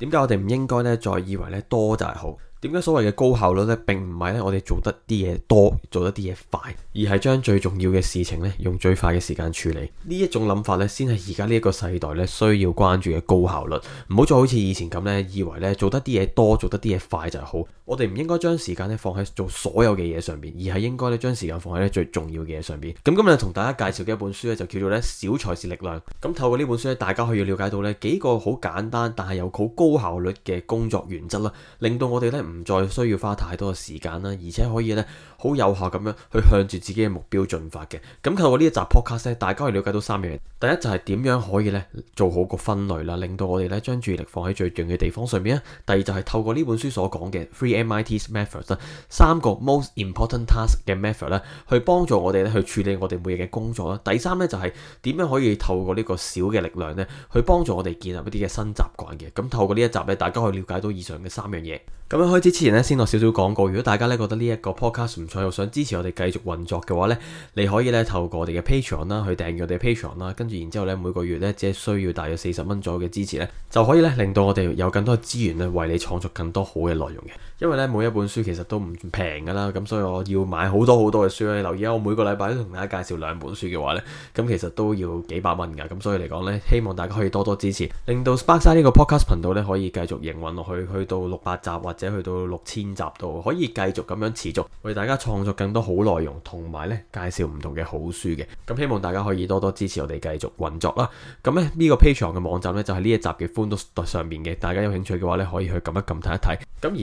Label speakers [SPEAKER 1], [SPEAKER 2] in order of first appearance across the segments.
[SPEAKER 1] 點解我哋唔應該咧，再以為咧多就係好？點解所謂嘅高效率呢？並唔係呢我哋做得啲嘢多，做得啲嘢快，而係將最重要嘅事情呢，用最快嘅時間處理。呢一種諗法呢，先係而家呢一個世代呢需要關注嘅高效率。唔好再好似以前咁呢，以為呢做得啲嘢多，做得啲嘢快就係好。我哋唔應該將時間呢放喺做所有嘅嘢上邊，而係應該呢將時間放喺呢最重要嘅嘢上邊。咁今日同大家介紹嘅一本書呢，就叫做呢《小才是力量》。咁透過呢本書呢，大家可以了解到呢幾個好簡單但係又好高效率嘅工作原則啦，令到我哋呢。唔再需要花太多嘅時間啦，而且可以咧好有效咁樣去向住自己嘅目標進發嘅。咁透過呢一集 Podcast，大家可以了解到三樣嘢。第一就係、是、點樣可以咧做好個分類啦，令到我哋咧將注意力放喺最重要嘅地方上面啊。第二就係、是、透過呢本書所講嘅 Three MIT Methods 三個 Most Important Task 嘅 Method 咧、就是，去幫助我哋咧去處理我哋每日嘅工作啦。第三咧就係點樣可以透過呢個小嘅力量咧，去幫助我哋建立一啲嘅新習慣嘅。咁透過呢一集咧，大家可以瞭解到以上嘅三樣嘢。咁樣可以。之前咧先落少少廣告，如果大家咧覺得呢一個 podcast 唔錯，又想支持我哋繼續運作嘅話呢，你可以咧透過我哋嘅 Patreon 啦，去訂閱我哋嘅 Patreon 啦，跟住然之後呢，每個月呢，只係需要大約四十蚊左右嘅支持呢，就可以呢令到我哋有更多資源呢，為你創作更多好嘅內容嘅。因為呢，每一本書其實都唔平㗎啦，咁所以我要買好多好多嘅書咧。你留意下，我每個禮拜都同大家介紹兩本書嘅話呢，咁其實都要幾百蚊㗎。咁所以嚟講呢，希望大家可以多多支持，令到 Spark 呢個 podcast 頻道呢，可以繼續營運落去，去到六百集或者去到，到六千集度，可以繼續咁樣持續為大家創作更多好內容，同埋咧介紹唔同嘅好書嘅。咁希望大家可以多多支持我哋繼續運作啦。咁咧呢個 Patreon 嘅網站咧就喺呢一集嘅 Fonos 上面嘅。大家有興趣嘅話咧可以去撳一撳睇一睇。咁而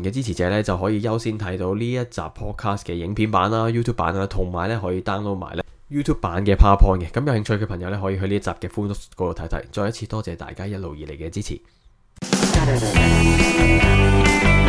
[SPEAKER 1] Patreon 嘅支持者咧就可以優先睇到呢一集 Podcast 嘅影片版啦、YouTube 版啦，同埋咧可以 download 埋咧 YouTube 版嘅 PowerPoint 嘅。咁有興趣嘅朋友咧可以去呢一集嘅 Fonos 嗰度睇睇。再一次多謝大家一路以嚟嘅支持。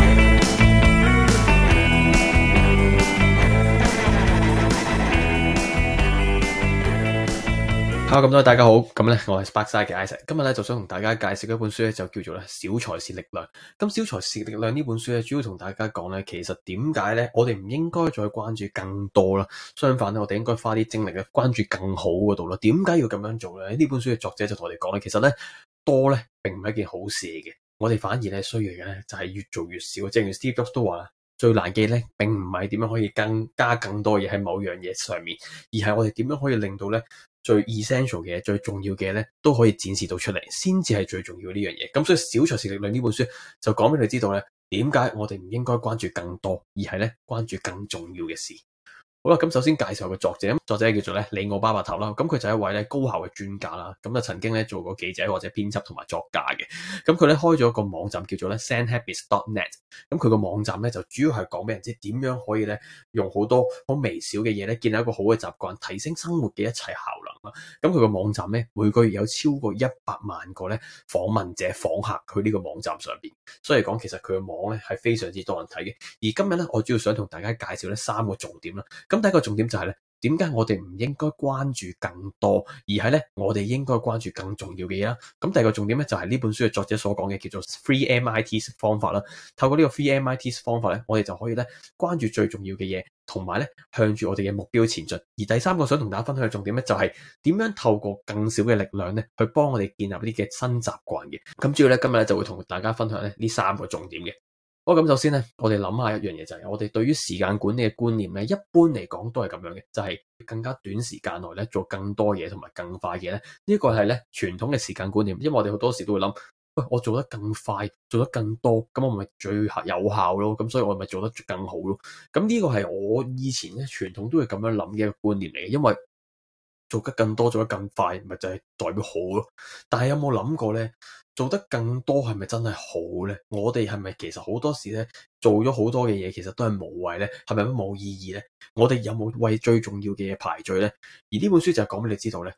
[SPEAKER 1] Hello 咁多位，大家好。咁咧，我係 Spark 嘅 i s e 今日咧就想同大家介紹一本書咧，就叫做咧《小財是力量》。咁《小財是力量》呢本書咧，主要同大家講咧，其實點解咧，我哋唔應該再關注更多啦，相反咧，我哋應該花啲精力去關注更好嗰度啦。點解要咁樣做咧？呢本書嘅作者就同我哋講咧，其實咧多咧，並唔係一件好事嘅，我哋反而咧需要嘅咧，就係、是、越做越少。正如 Steve Jobs 都話啦，最難嘅咧，並唔係點樣可以更加更多嘢喺某樣嘢上面，而係我哋點樣可以令到咧。最 essential 嘅，最重要嘅咧，都可以展示到出嚟，先至係最重要呢樣嘢。咁所以《小財是力量》呢本書就講俾你知道咧，點解我哋唔應該關注更多，而係咧關注更重要嘅事。好啦，咁首先介紹個作者，作者叫做咧李奧巴伯頭啦，咁佢就係一位咧高效嘅專家啦，咁啊曾經咧做過記者或者編輯同埋作家嘅，咁佢咧開咗個網站叫做咧 SendHabits.net，咁佢個網站咧就主要係講俾人知點樣可以咧用好多好微小嘅嘢，咧建立一個好嘅習慣，提升生活嘅一切效能啦。咁佢個網站咧每個月有超過一百萬個咧訪問者訪客佢呢個網站上邊，所以講其實佢個網咧係非常之多人睇嘅。而今日咧我主要想同大家介紹呢三個重點啦。咁第一個重點就係咧，點解我哋唔應該關注更多，而係咧我哋應該關注更重要嘅嘢啦。咁第二個重點咧就係呢本書嘅作者所講嘅叫做 Free MIT 方法啦。透過呢個 Free MIT 方法咧，我哋就可以咧關注最重要嘅嘢，同埋咧向住我哋嘅目標前進。而第三個想同大家分享嘅重點咧，就係點樣透過更少嘅力量咧，去幫我哋建立一啲嘅新習慣嘅。咁主要咧今日咧就會同大家分享咧呢三個重點嘅。哦，咁首先咧，我哋諗下一樣嘢就係，我哋對於時間管理嘅觀念咧，一般嚟講都係咁樣嘅，就係更加短時間內咧做更多嘢同埋更快嘢。呢個係咧傳統嘅時間觀念。因為我哋好多時都會諗，喂，我做得更快，做得更多，咁我咪最有效咯，咁所以我咪做得更好咯。咁呢個係我以前咧傳統都會咁樣諗嘅一個觀念嚟嘅，因為。做得更多，做得更快，咪就係代表好咯。但係有冇諗過呢？做得更多係咪真係好呢？我哋係咪其實好多時呢，做咗好多嘅嘢，其實都係無謂呢？係咪都冇意義呢？我哋有冇為最重要嘅嘢排序呢？而呢本書就係講俾你知道呢，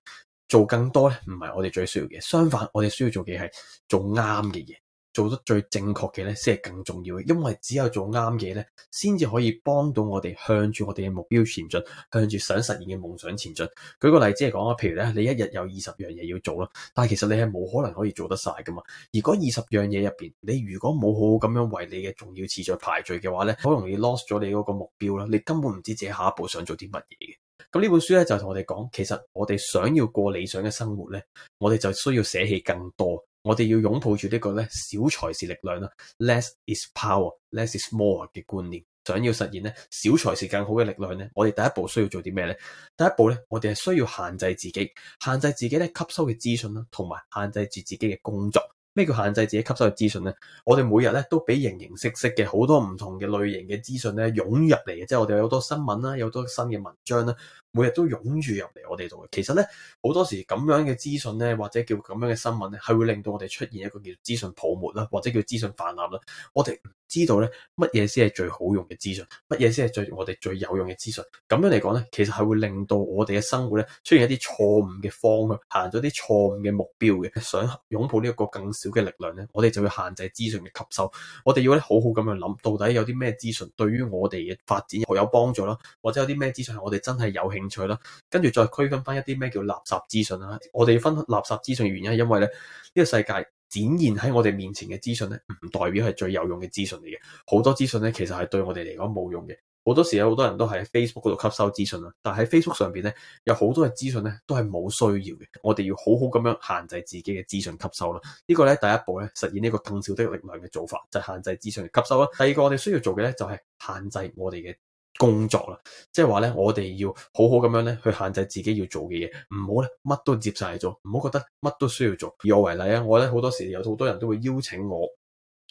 [SPEAKER 1] 做更多呢，唔係我哋最需要嘅，相反我哋需要做嘅係做啱嘅嘢。做得最正確嘅咧，先係更重要嘅，因為只有做啱嘢咧，先至可以幫到我哋向住我哋嘅目標前進，向住想實現嘅夢想前進。舉個例子嚟講啊，譬如咧，你一日有二十樣嘢要做啦，但係其實你係冇可能可以做得晒噶嘛。而嗰二十樣嘢入邊，你如果冇好好咁樣為你嘅重要次序排序嘅話咧，好容易 lost 咗你嗰個目標啦。你根本唔知自己下一步想做啲乜嘢嘅。咁呢本書咧就同、是、我哋講，其實我哋想要過理想嘅生活咧，我哋就需要捨棄更多。我哋要擁抱住呢個咧小才是力量啦，less is power，less is more 嘅觀念，想要實現咧小才是更好嘅力量咧。我哋第一步需要做啲咩咧？第一步咧，我哋係需要限制自己，限制自己咧吸收嘅資訊啦，同埋限制住自己嘅工作。咩叫限制自己吸收嘅資訊呢？我哋每日咧都俾形形色色嘅好多唔同嘅類型嘅資訊咧湧入嚟嘅，即係我哋有好多新聞啦，有好多新嘅文章啦，每日都湧住入嚟我哋度。其實咧好多時咁樣嘅資訊咧，或者叫咁樣嘅新聞咧，係會令到我哋出現一個叫資訊泡沫啦，或者叫資訊泛濫啦，我哋。知道咧乜嘢先係最好用嘅資訊，乜嘢先係最我哋最有用嘅資訊？咁樣嚟講咧，其實係會令到我哋嘅生活咧出現一啲錯誤嘅方向，行咗啲錯誤嘅目標嘅。想擁抱呢一個更少嘅力量咧，我哋就要限制資訊嘅吸收。我哋要咧好好咁樣諗，到底有啲咩資訊對於我哋嘅發展有幫助啦，或者有啲咩資訊係我哋真係有興趣啦。跟住再區分返一啲咩叫垃圾資訊啦。我哋分垃圾資訊嘅原因係因為咧呢個世界。展現喺我哋面前嘅資訊咧，唔代表係最有用嘅資訊嚟嘅。好多資訊咧，其實係對我哋嚟講冇用嘅。好多時有好多人都係喺 Facebook 嗰度吸收資訊啦，但係喺 Facebook 上邊咧，有好多嘅資訊咧都係冇需要嘅。我哋要好好咁樣限制自己嘅資訊吸收啦。這個、呢個咧第一步咧，實現呢個更少的力量嘅做法，就係、是、限制資訊嘅吸收啦。第二個我哋需要做嘅咧，就係、是、限制我哋嘅。工作啦，即係話咧，我哋要好好咁樣咧去限制自己要做嘅嘢，唔好咧乜都接晒做，唔好覺得乜都需要做。以我為例啊，我咧好多時有好多人都會邀請我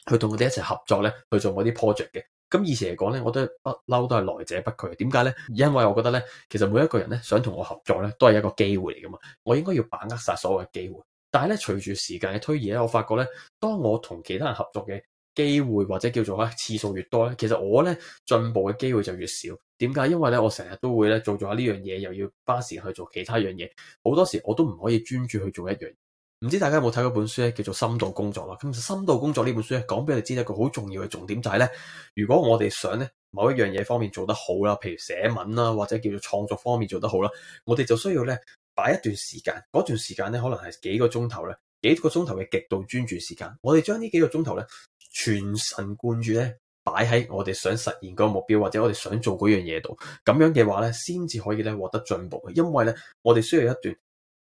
[SPEAKER 1] 去同佢哋一齊合作咧去做我啲 project 嘅。咁以前嚟講咧，我都不嬲都係來者不拒。點解咧？因為我覺得咧，其實每一個人咧想同我合作咧都係一個機會嚟噶嘛，我應該要把握晒所有嘅機會。但係咧，隨住時間嘅推移咧，我發覺咧，當我同其他人合作嘅。機會或者叫做咧次數越多咧，其實我咧進步嘅機會就越少。點解？因為咧我成日都會咧做咗呢樣嘢，又要花時間去做其他樣嘢，好多時我都唔可以專注去做一樣。唔知大家有冇睇過本書咧，叫做《深度工作》啦。咁《深度工作》呢本書咧，講俾你知一個好重要嘅重點就係咧，如果我哋想咧某一樣嘢方面做得好啦，譬如寫文啦、啊，或者叫做創作方面做得好啦，我哋就需要咧擺一段時間，嗰段時間咧可能係幾個鐘頭咧，幾個鐘頭嘅極度專注時間。我哋將呢幾個鐘頭咧。全神貫注咧，擺喺我哋想實現嗰個目標，或者我哋想做嗰樣嘢度，咁樣嘅話咧，先至可以咧獲得進步嘅。因為咧，我哋需要一段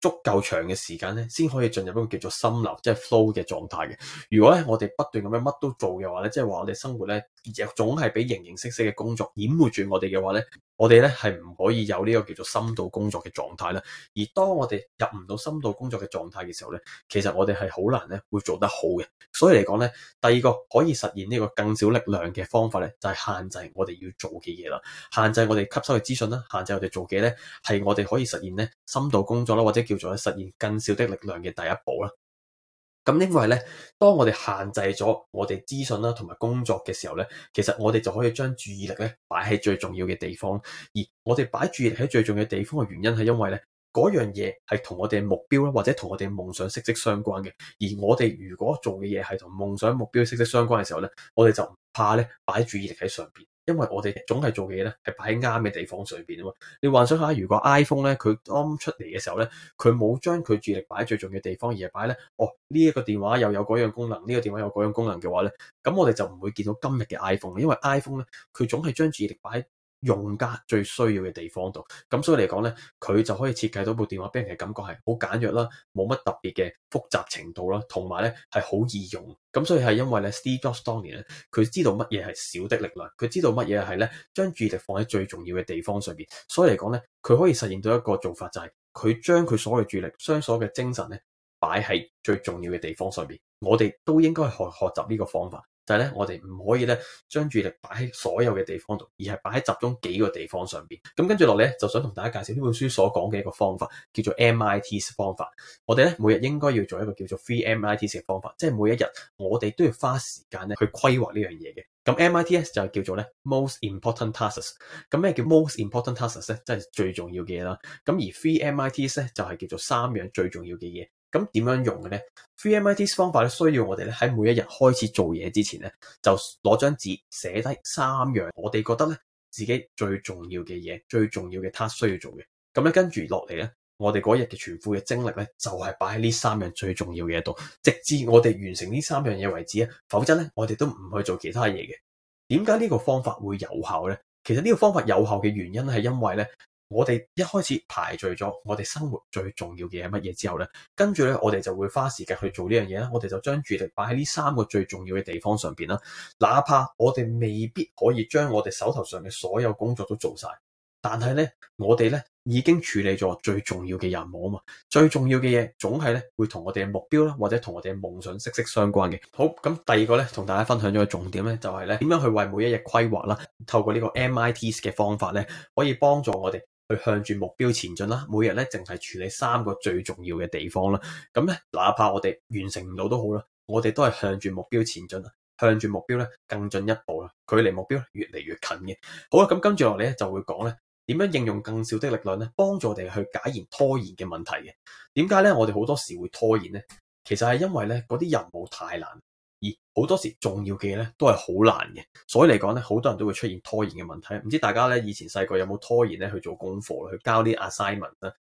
[SPEAKER 1] 足夠長嘅時間咧，先可以進入一個叫做心流，即係 flow 嘅狀態嘅。如果咧我哋不斷咁樣乜都做嘅話咧，即係話我哋生活咧。而總係俾形形色色嘅工作掩護住我哋嘅話呢，我哋呢係唔可以有呢個叫做深度工作嘅狀態啦。而當我哋入唔到深度工作嘅狀態嘅時候呢，其實我哋係好難咧會做得好嘅。所以嚟講呢，第二個可以實現呢個更少力量嘅方法呢，就係、是、限制我哋要做嘅嘢啦，限制我哋吸收嘅資訊啦，限制我哋做嘅嘢呢，係我哋可以實現咧深度工作啦，或者叫做實現更少的力量嘅第一步啦。咁因為咧，當我哋限制咗我哋資訊啦，同埋工作嘅時候咧，其實我哋就可以將注意力咧擺喺最重要嘅地方。而我哋擺注意力喺最重要嘅地方嘅原因係因為咧，嗰樣嘢係同我哋嘅目標啦，或者同我哋嘅夢想息息相關嘅。而我哋如果做嘅嘢係同夢想目標息息相關嘅時候咧，我哋就唔怕咧擺注意力喺上邊。因為我哋總係做嘅嘢咧，係擺喺啱嘅地方上邊啊嘛。你幻想下，如果 iPhone 咧，佢當出嚟嘅時候咧，佢冇將佢注意力擺喺最重要嘅地方，而係擺咧，哦，呢一個電話又有嗰樣功能，呢個電話有嗰樣功能嘅話咧，咁我哋就唔會見到今日嘅 iPhone。因為 iPhone 咧，佢總係將注意力擺喺。用家最需要嘅地方度，咁所以嚟講咧，佢就可以設計到部電話，俾人嘅感覺係好簡約啦，冇乜特別嘅複雜程度啦，同埋咧係好易用。咁所以係因為咧，Steve Jobs 當年咧，佢知道乜嘢係小的力量，佢知道乜嘢係咧將注意力放喺最重要嘅地方上邊。所以嚟講咧，佢可以實現到一個做法，就係、是、佢將佢所有嘅注意力，將所有嘅精神咧擺喺最重要嘅地方上邊。我哋都應該學學習呢個方法。就係咧，我哋唔可以咧將注意力擺喺所有嘅地方度，而係擺喺集中幾個地方上邊。咁跟住落嚟咧，就想同大家介紹呢本書所講嘅一個方法，叫做 MITs 方法。我哋咧每日應該要做一個叫做 Three MITs 嘅方法，即係每一日我哋都要花時間咧去規劃呢樣嘢嘅。咁 MITS 就叫做咧 Most Important Tasks。咁咩叫 Most Important Tasks 咧？即係最重要嘅嘢啦。咁而 Three MITS 咧就係、是、叫做三樣最重要嘅嘢。咁點樣用嘅咧？3 MIT 方法咧需要我哋咧喺每一日開始做嘢之前咧，就攞張紙寫低三樣我哋覺得咧自己最重要嘅嘢，最重要嘅 task 需要做嘅。咁咧跟住落嚟咧，我哋嗰日嘅全副嘅精力咧就係擺喺呢三樣最重要嘅嘢度，直至我哋完成呢三樣嘢為止啊！否則咧，我哋都唔去做其他嘢嘅。點解呢個方法會有效咧？其實呢個方法有效嘅原因係因為咧。我哋一開始排除咗，我哋生活最重要嘅嘢係乜嘢之後咧，跟住咧我哋就會花時間去做呢樣嘢啦。我哋就將注意力擺喺呢三個最重要嘅地方上邊啦。哪怕我哋未必可以將我哋手頭上嘅所有工作都做晒，但係咧我哋咧已經處理咗最重要嘅任務啊嘛。最重要嘅嘢總係咧會同我哋嘅目標啦，或者同我哋嘅夢想息息相關嘅。好，咁第二個咧同大家分享咗嘅重點咧，就係咧點樣去為每一日規劃啦。透過呢個 MITS 嘅方法咧，可以幫助我哋。去向住目標前進啦，每日咧淨係處理三個最重要嘅地方啦，咁咧哪怕我哋完成唔到都好啦，我哋都係向住目標前進啊，向住目標咧更進一步啦，距離目標越嚟越近嘅。好啦，咁跟住落嚟咧就會講咧點樣應用更少的力量咧幫助我哋去解研拖延嘅問題嘅。點解咧我哋好多時會拖延咧？其實係因為咧嗰啲任務太難。而好多時重要嘅嘢咧，都係好難嘅，所以嚟講咧，好多人都會出現拖延嘅問題。唔知大家咧以前細個有冇拖延咧去做功課、去交啲 assignment 啦？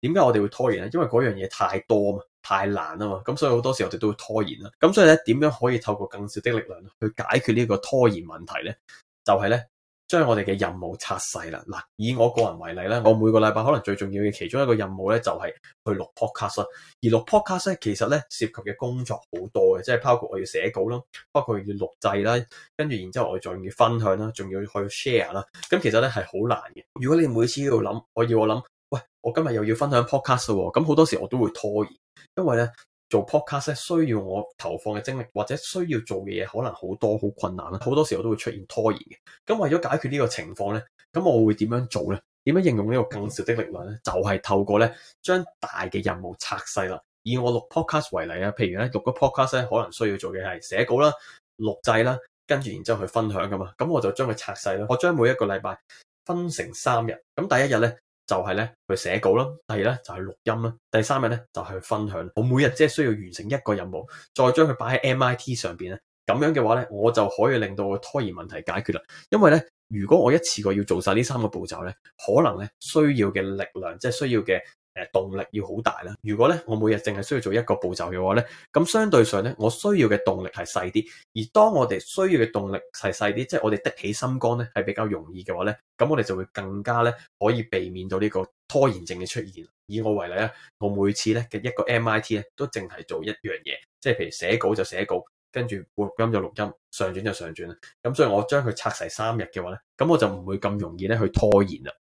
[SPEAKER 1] 點解我哋會拖延咧？因為嗰樣嘢太多啊嘛，太難啊嘛，咁所以好多時候我哋都會拖延啦。咁所以咧，點樣可以透過更少的力量去解決呢個拖延問題咧？就係咧。將我哋嘅任務拆細啦。嗱，以我個人為例咧，我每個禮拜可能最重要嘅其中一個任務咧，就係去錄 podcast。而錄 podcast 咧，其實咧涉及嘅工作好多嘅，即係包括我要寫稿啦，包括要錄製啦，跟住然之後我仲要分享啦，仲要去 share 啦。咁其實咧係好難嘅。如果你每次要諗，我要我諗，喂，我今日又要分享 podcast 喎，咁好多時我都會拖延，因為咧。做 podcast 需要我投放嘅精力或者需要做嘅嘢可能好多好困難啦，好多時候都會出現拖延嘅。咁為咗解決呢個情況呢，咁我會點樣做呢？點樣應用呢個更少的力量呢？就係透過呢將大嘅任務拆細啦。以我錄 podcast 為例啊，譬如呢，錄個 podcast 可能需要做嘅係寫稿啦、錄製啦，跟住然之後去分享噶嘛。咁我就將佢拆細啦，我將每一個禮拜分成三日。咁第一日呢。就係咧去寫稿啦，第二咧就係、是、錄音啦，第三日咧就係去分享。我每日即係需要完成一個任務，再將佢擺喺 MIT 上邊咧，咁樣嘅話咧，我就可以令到個拖延問題解決啦。因為咧，如果我一次過要做晒呢三個步驟咧，可能咧需要嘅力量即係需要嘅。誒動力要好大啦，如果咧我每日淨係需要做一個步驟嘅話咧，咁相對上咧我需要嘅動力係細啲，而當我哋需要嘅動力係細啲，即係我哋的起心肝咧係比較容易嘅話咧，咁我哋就會更加咧可以避免到呢個拖延症嘅出現。以我為例啊，我每次咧嘅一個 MIT 咧都淨係做一樣嘢，即係譬如寫稿就寫稿，跟住錄音就錄音，上傳就上傳啦。咁所以我將佢拆細三日嘅話咧，咁我就唔會咁容易咧去拖延啦。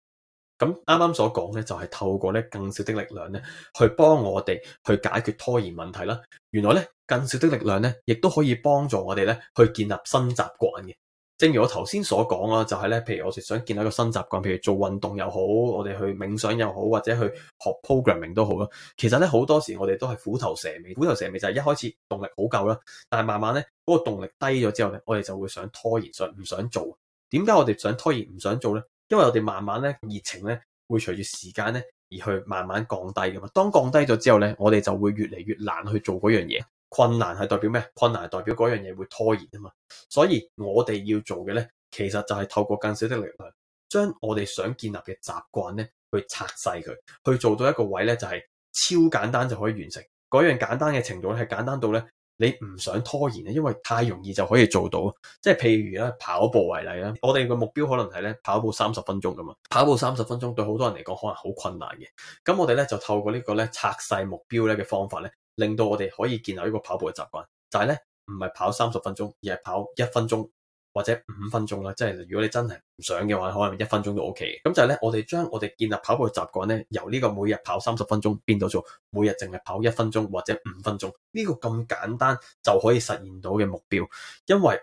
[SPEAKER 1] 咁啱啱所講咧，就係透過咧更少的力量咧，去幫我哋去解決拖延問題啦。原來咧更少的力量咧，亦都可以幫助我哋咧去建立新習慣嘅。正如我頭先所講啊，就係咧，譬如我哋想建立一個新習慣，譬如做運動又好，我哋去冥想又好，或者去學 programming 都好啦。其實咧好多時我哋都係虎頭蛇尾，虎頭蛇尾就係一開始動力好夠啦，但係慢慢咧嗰個動力低咗之後咧，我哋就會想拖延，上，唔想做。點解我哋想拖延唔想做咧？因為我哋慢慢咧，熱情咧會隨住時間咧而去慢慢降低噶嘛。當降低咗之後咧，我哋就會越嚟越難去做嗰樣嘢。困難係代表咩？困難係代表嗰樣嘢會拖延啊嘛。所以我哋要做嘅咧，其實就係透過更少的力量，將我哋想建立嘅習慣咧，去拆細佢，去做到一個位咧，就係超簡單就可以完成。嗰樣簡單嘅程度咧，係簡單到咧。你唔想拖延咧，因為太容易就可以做到。即係譬如咧，跑步為例啦，我哋個目標可能係咧跑步三十分鐘咁嘛。跑步三十分鐘對好多人嚟講可能好困難嘅。咁我哋咧就透過呢個咧拆細目標咧嘅方法咧，令到我哋可以建立一個跑步嘅習慣。就係咧唔係跑三十分鐘，而係跑一分鐘。或者五分鐘啦，即係如果你真係唔想嘅話，可能一分鐘都 O K。咁就係咧，我哋將我哋建立跑步嘅習慣咧，由呢個每日跑三十分鐘變到做每日淨係跑一分鐘或者五分鐘。呢個咁簡單就可以實現到嘅目標，因為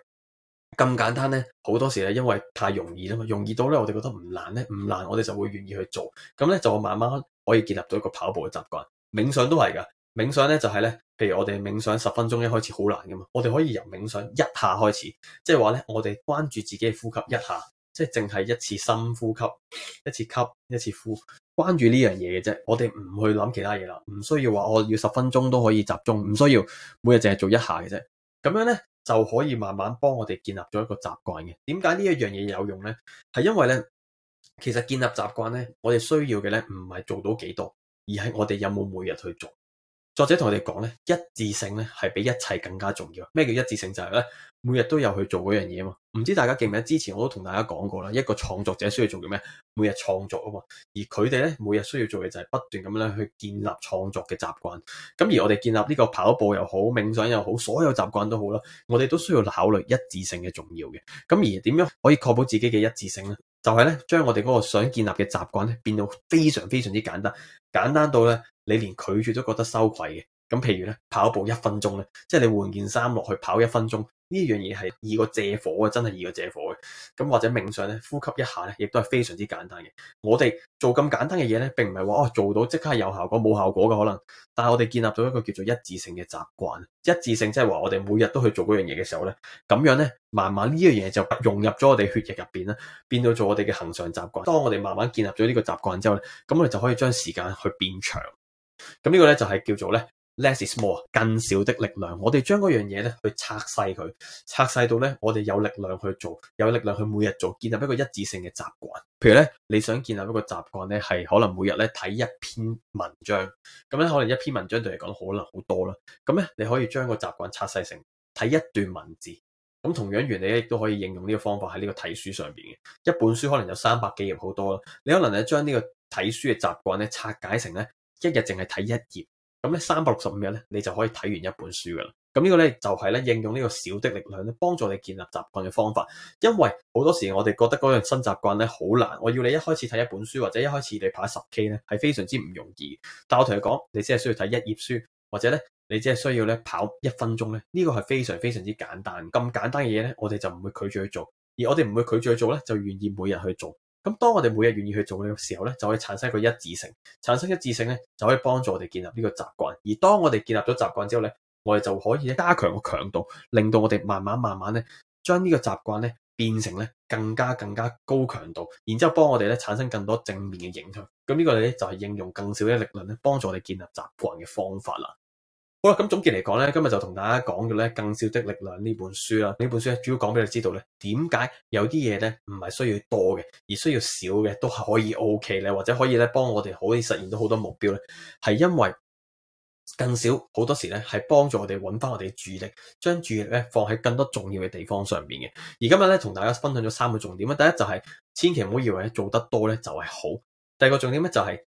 [SPEAKER 1] 咁簡單咧，好多時咧因為太容易啦嘛，容易到咧，我哋覺得唔難咧，唔難，難我哋就會願意去做。咁咧就會慢慢可以建立到一個跑步嘅習慣，冥想都係噶。冥想咧就係咧，譬如我哋冥想十分鐘，一開始好難噶嘛，我哋可以由冥想一下開始，即係話咧，我哋關注自己嘅呼吸一下，即係淨係一次深呼吸，一次吸，一次呼，關注呢樣嘢嘅啫，我哋唔去諗其他嘢啦，唔需要話我要十分鐘都可以集中，唔需要每日淨係做一下嘅啫，咁樣咧就可以慢慢幫我哋建立咗一個習慣嘅。點解呢一樣嘢有用咧？係因為咧，其實建立習慣咧，我哋需要嘅咧唔係做到幾多，而係我哋有冇每日去做。作者同我哋講咧，一致性咧係比一切更加重要。咩叫一致性？就係咧，每日都有去做嗰樣嘢啊嘛。唔知大家記唔記得之前我都同大家講過啦，一個創作者需要做嘅咩？每日創作啊嘛。而佢哋咧每日需要做嘅就係不斷咁樣去建立創作嘅習慣。咁而我哋建立呢個跑步又好、冥想又好，所有習慣都好啦，我哋都需要考慮一致性嘅重要嘅。咁而點樣可以確保自己嘅一致性咧？就係咧，將我哋嗰個想建立嘅習慣咧，變到非常非常之簡單，簡單到咧。你連拒絕都覺得羞愧嘅，咁譬如咧跑步一分鐘咧，即係你換件衫落去跑一分鐘，呢樣嘢係易過借火嘅，真係易過借火嘅。咁或者冥想咧，呼吸一下咧，亦都係非常之簡單嘅。我哋做咁簡單嘅嘢咧，並唔係話哦做到即刻有效果，冇效果嘅可能。但係我哋建立咗一個叫做一致性嘅習慣，一致性即係話我哋每日都去做嗰樣嘢嘅時候咧，咁樣咧，慢慢呢樣嘢就融入咗我哋血液入邊啦，變到做我哋嘅恒常習慣。當我哋慢慢建立咗呢個習慣之後咧，咁我哋就可以將時間去變長。咁呢個咧就係叫做咧 Less is more, 更少的力量。我哋將嗰樣嘢咧去拆細佢，拆細到咧我哋有力量去做，有力量去每日做，建立一個一致性嘅習慣。譬如咧，你想建立一個習慣咧，係可能每日咧睇一篇文章，咁咧可能一篇文章對嚟講可能好多啦。咁咧你可以將個習慣拆細成睇一段文字，咁同樣原理咧亦都可以應用呢個方法喺呢個睇書上邊嘅。一本書可能有三百幾頁好多啦，你可能咧將呢個睇書嘅習慣咧拆解成咧。一日淨係睇一頁，咁咧三百六十五日咧，你就可以睇完一本書噶啦。咁呢個咧就係咧應用呢個小的力量咧，幫助你建立習慣嘅方法。因為好多時我哋覺得嗰樣新習慣咧好難，我要你一開始睇一本書或者一開始你跑十 K 咧係非常之唔容易。但我同你講，你只係需要睇一頁書，或者咧你只係需要咧跑一分鐘咧，呢個係非常非常之簡單。咁簡單嘅嘢咧，我哋就唔會拒絕去做，而我哋唔會拒絕去做咧，就願意每日去做。咁當我哋每日願意去做嘅時候咧，就可以產生一個一致性，產生一致性咧，就可以幫助我哋建立呢個習慣。而當我哋建立咗習慣之後咧，我哋就可以加強個強度，令到我哋慢慢慢慢咧，將呢個習慣咧變成咧更加更加高強度，然之後幫我哋咧產生更多正面嘅影響。咁呢個咧就係應用更少嘅力量咧，幫助我哋建立習慣嘅方法啦。好啦，咁總結嚟講咧，今日就同大家講嘅咧《更少的力量》呢本書啦。呢本書咧主要講俾你知道咧，點解有啲嘢咧唔係需要多嘅，而需要少嘅都係可以 OK 咧，或者可以咧幫我哋可以實現到好多目標咧，係因為更少好多時咧係幫助我哋揾翻我哋嘅注意力，將注意力咧放喺更多重要嘅地方上面嘅。而今日咧同大家分享咗三個重點咧，第一就係、是、千祈唔好以為咧做得多咧就係好，第二個重點咧就係、是。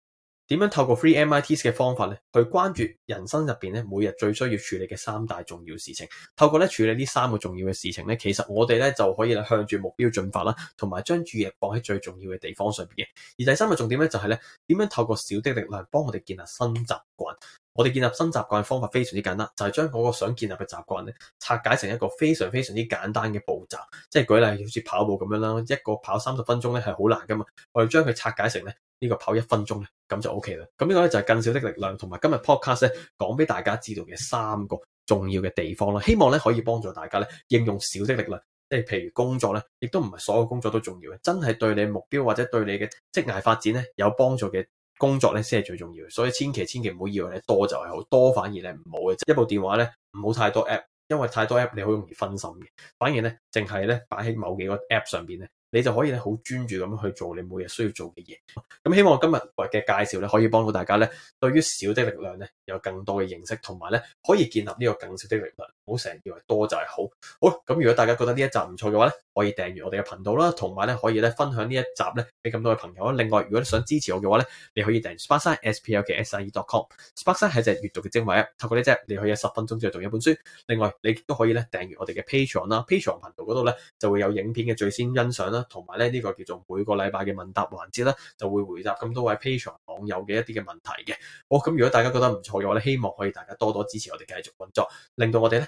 [SPEAKER 1] 點樣透過3 MITs 嘅方法咧，去關注人生入邊咧每日最需要處理嘅三大重要事情。透過咧處理呢三個重要嘅事情咧，其實我哋咧就可以咧向住目標進發啦，同埋將注意力放喺最重要嘅地方上邊嘅。而第三個重點咧就係咧點樣透過小啲力量幫我哋建立新習慣。我哋建立新習慣方法非常之簡單，就係將嗰個想建立嘅習慣咧拆解成一個非常非常之簡單嘅步驟。即係舉例，好似跑步咁樣啦，一個跑三十分鐘咧係好難噶嘛。我哋將佢拆解成咧呢個跑一分鐘咧，咁就 O K 啦。咁呢個咧就係更少的力量，同埋今日 podcast 咧講俾大家知道嘅三個重要嘅地方咯。希望咧可以幫助大家咧應用少的力量，即係譬如工作咧，亦都唔係所有工作都重要嘅，真係對你目標或者對你嘅職涯發展咧有幫助嘅。工作咧先係最重要，所以千祈千祈唔好以為咧多就係好多，反而咧唔好嘅。一部電話咧唔好太多 app，因為太多 app 你好容易分心嘅。反而咧淨係咧擺喺某幾個 app 上邊咧，你就可以咧好專注咁去做你每日需要做嘅嘢。咁希望今日我嘅介紹咧可以幫到大家咧，對於少的力量咧有更多嘅認識，同埋咧可以建立呢個更少的力量。好成日以為多就係好好啦，咁如果大家覺得呢一集唔錯嘅話咧，可以訂閱我哋嘅頻道啦，同埋咧可以咧分享呢一集咧俾咁多位朋友。另外，如果你想支持我嘅話咧，你可以訂閱 s p a r k s i d spl 嘅 s i r c o m s p a r k i d 係一隻閱讀嘅精華啊。透過呢隻，你可以十分鐘之內讀一本書。另外，你亦都可以咧訂閱我哋嘅 Patreon 啦，Patreon 頻道嗰度咧就會有影片嘅最先欣賞啦，同埋咧呢個叫做每個禮拜嘅問答環節啦，就會回答咁多位 Patreon 網友嘅一啲嘅問題嘅。好，咁如果大家覺得唔錯嘅話咧，希望可以大家多多支持我哋繼續運作，令到我哋咧。